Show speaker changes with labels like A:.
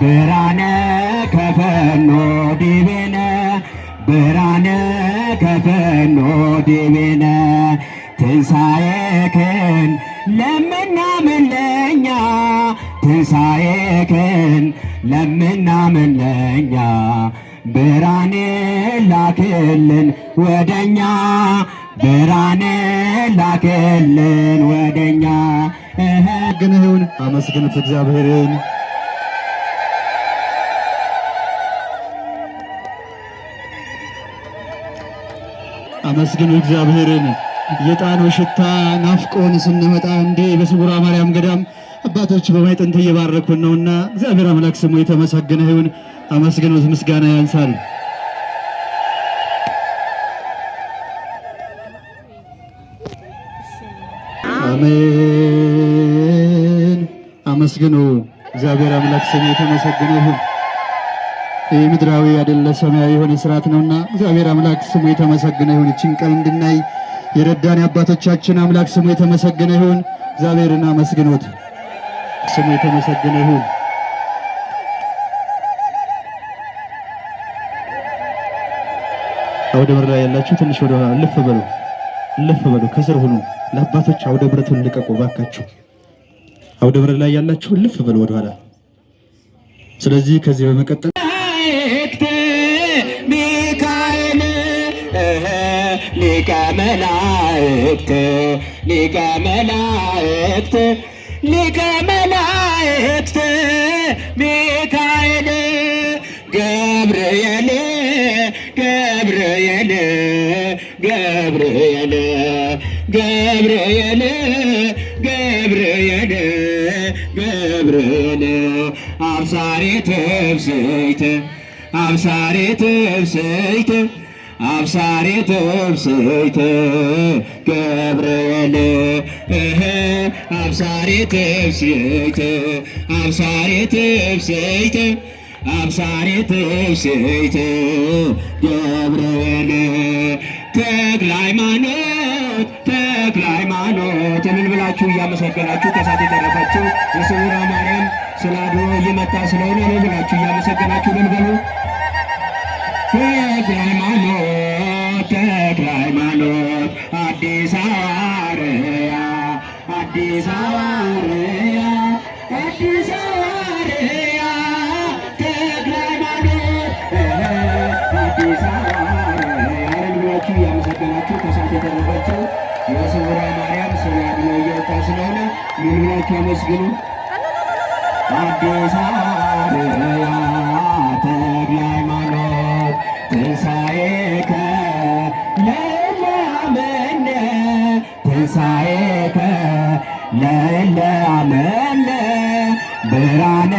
A: ብርሃነ ከፈኖ ዲቤነ ብርሃነ ከፈኖ ዲቤነ ትንሣኤክን ለምናምንለኛ ትንሣኤክን ለምናምንለኛ ብርሃን ላክልን ወደኛ ብርሃን ላክልን ወደኛ
B: ግንህውን አመስግኑት እግዚአብሔርን። አመስግኑ እግዚአብሔርን። የጣኑ ሽታ ናፍቆን ስንመጣ እንዴ በስውሯ ማርያም ገዳም አባቶች በማይጥንት እየባረኩን ነውና እግዚአብሔር አምላክ ስሙ የተመሰገነ ይሁን። አመስግኑት፣ ምስጋና ያንሳል። አሜን። አመስግኑ። እግዚአብሔር አምላክ ስም የተመሰገነ ይሁን። ይህ ምድራዊ አይደለ ሰማያዊ የሆነ ስርዓት ነውና እግዚአብሔር አምላክ ስሙ የተመሰገነ ይሁን። እችን ቀን እንድናይ የረዳን አባቶቻችን አምላክ ስሙ የተመሰገነ ይሁን። እግዚአብሔርን አመስግኑት። ስሙ የተመሰገነ ይሁን። አውደ ምሕረት ላይ ያላችሁ ትንሽ ወደ ኋላ ልፍ በሉ፣ ልፍ በሉ፣ ከስር ሁኑ። ለአባቶች አውደ ብረቱን ልቀቁ ባካችሁ። አውደ ብረት ላይ ያላችሁ ልፍ በል ወደኋላ። ስለዚህ ከዚህ በመቀጠል
A: ሚካኤል ሊቀ መላእክት ሊቀ መላእክት ሊቀ መላእክት ሚካኤል ገብርኤል ገብርኤል ገብርኤል ገብርኤል ገብርኤል ገብርኤል አብሳሬ ትብስይት አብሳሬ ትብስይት አብሳሬ ትብስይት ገብርኤል አብሳሬ ትብስይት አብሳሬ ትብስይት አብሳሬ ትብስይት ገብርኤል ተክለ ሃይማኖት እንደምን ብላችሁ እያመሰገናችሁ ከሳት የተረፈችው የስውራ ማርያም ስለ አድሮ እየመጣ ስለሆነ ነው ብላችሁ እያመሰገናችሁ ልንበሉ ሃይማኖት ተክለ ሃይማኖት አዲስ አዲስ አዲስ እያመሰገናችሁ ከሳት የተረፈችው የስውራ ማርያም ስለ ስለሆነ አመስግኑ። አዲስ አብያ ተክለ ሃይማኖት ትንሣኤከ ለለአመነ ትንሣኤከ ለለአመነ ብርሃነ